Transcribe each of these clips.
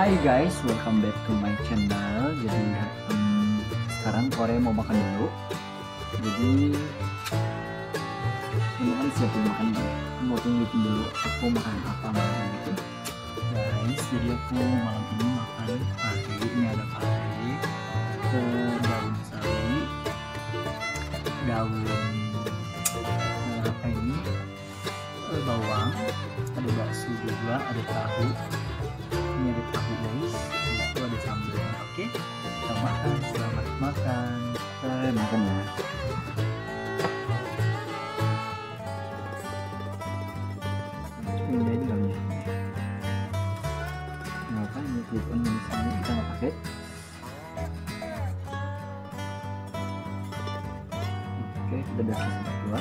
Hai guys, welcome back to my channel. Jadi um, sekarang Korea mau makan dulu. Jadi ini ya kan siap makan. Mau tunggu dulu aku makan apa malam itu. Guys, jadi aku malam ini makan pagi ini ada pagi ke daun sawi, daun eh, apa ini eh, bawang, ada bakso juga, ada tahu, mirip tapi guys itu ada sambel oke okay? kita makan selamat makan kalian makan ya ini dalamnya kenapa ini clip on misalnya kita nggak pakai oke okay, kita udah selesai dua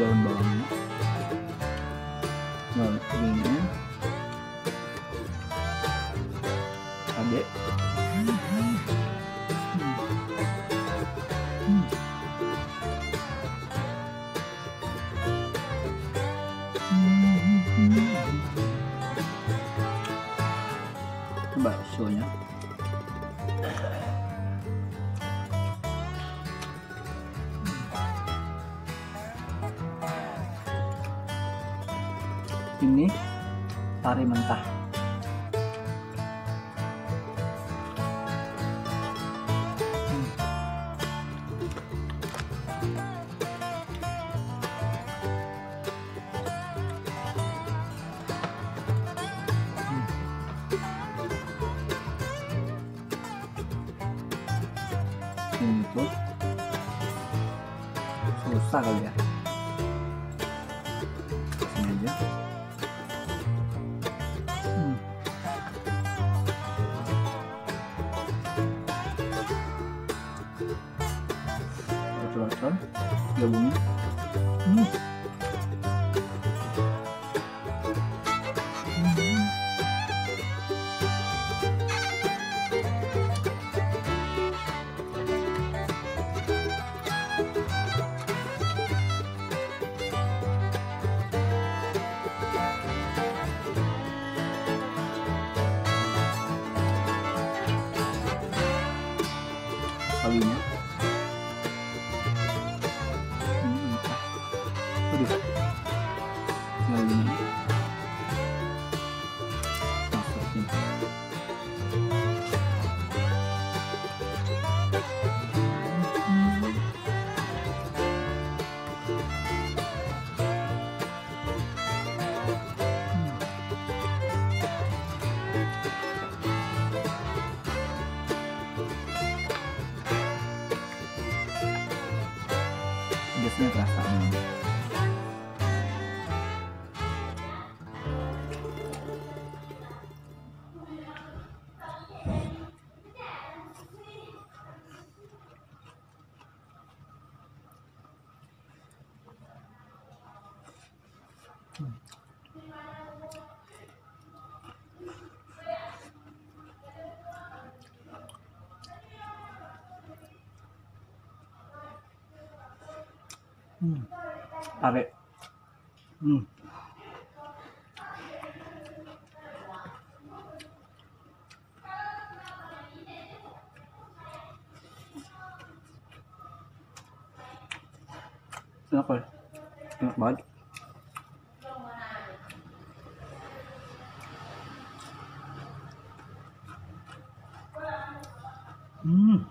daun bawang nah, daun kuningnya cabe coba pare mentah Ini hmm. tuh hmm. hmm. susah kali ya arkadaşlar. Ve bunu. Hı. Mm. Love it. Mm. Not bad. Not bad. Mmm.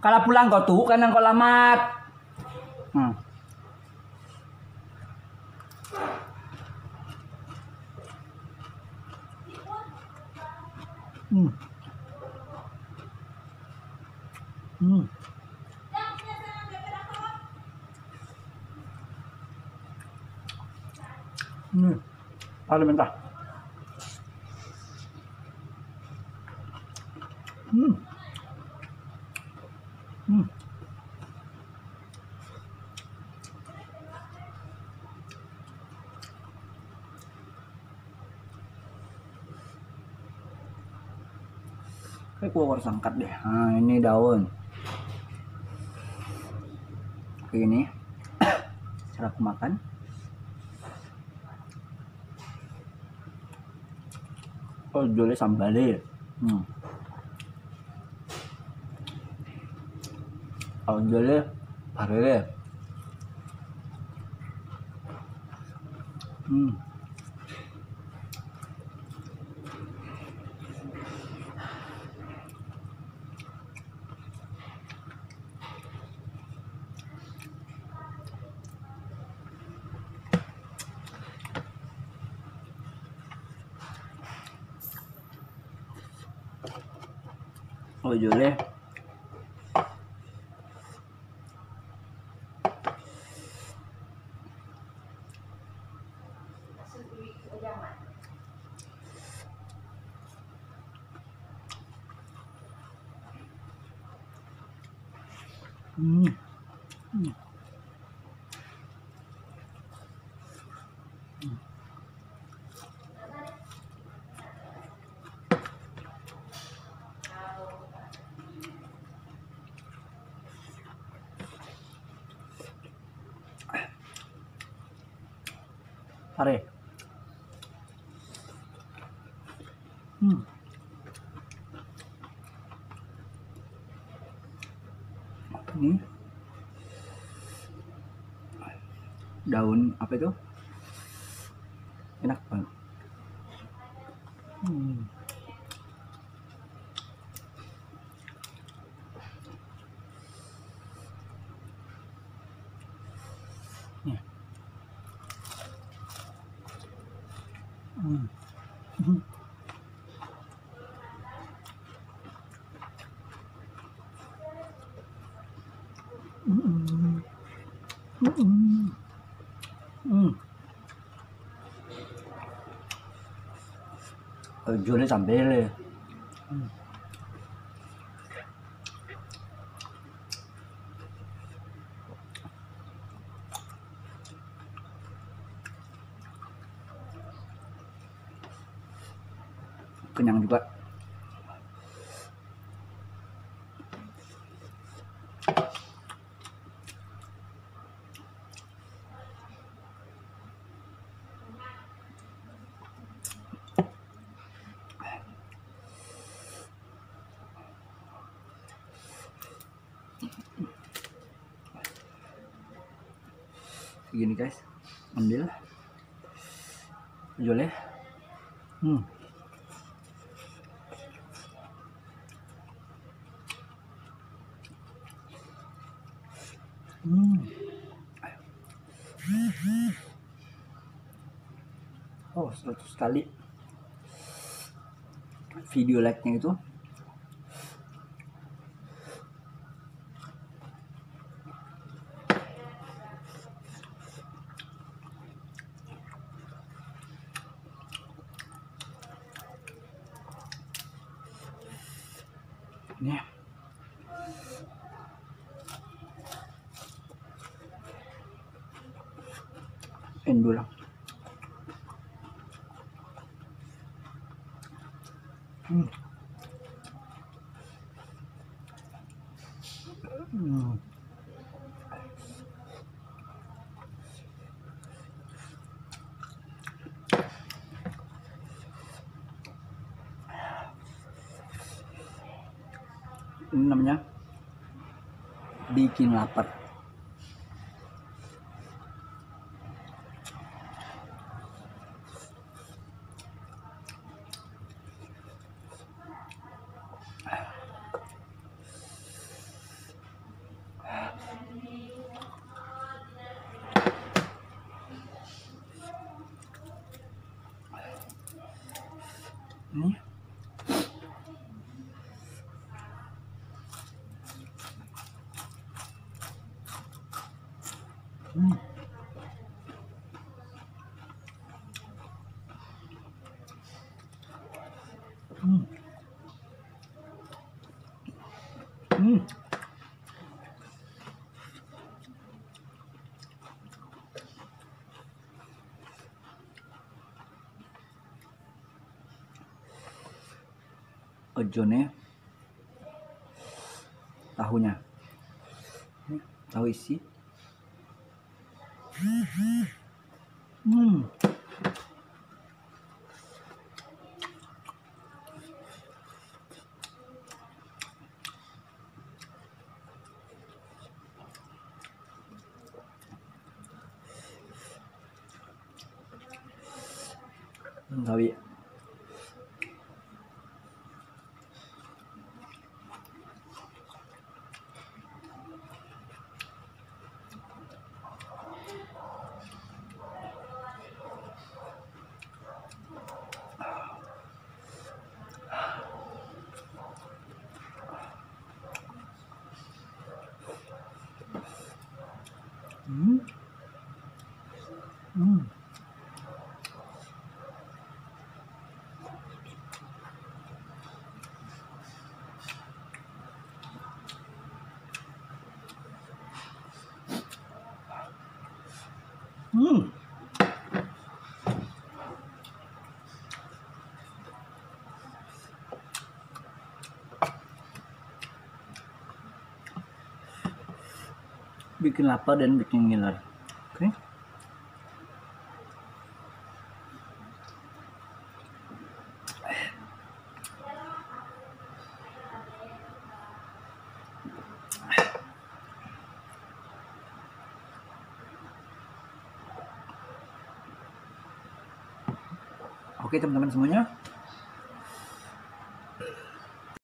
kalau pulang kau tuh kan kau lamat hmm. Hmm. Hmm. Hmm. Parlimentar. tapi gua harus angkat deh nah ini daun ini cara makan oh jole sambale hmm. oh jole parere hmm อยู่เลย嗯。Mm. pare. Hmm. Apa ini? Daun apa itu? Enak banget. Giulio Zambelli mm. kenyang juga gini guys ambil jual ya hmm. Hmm. Oh, 100 kali video like-nya itu Endo lah hmm. Hmm. Ini namanya bikin lapar 응? 음. 음. 음. ojone ya. tahunya tahu isi hmm Tapi Hmm. Bikin lapar dan bikin ngiler. Oke. Okay. Oke teman-teman semuanya,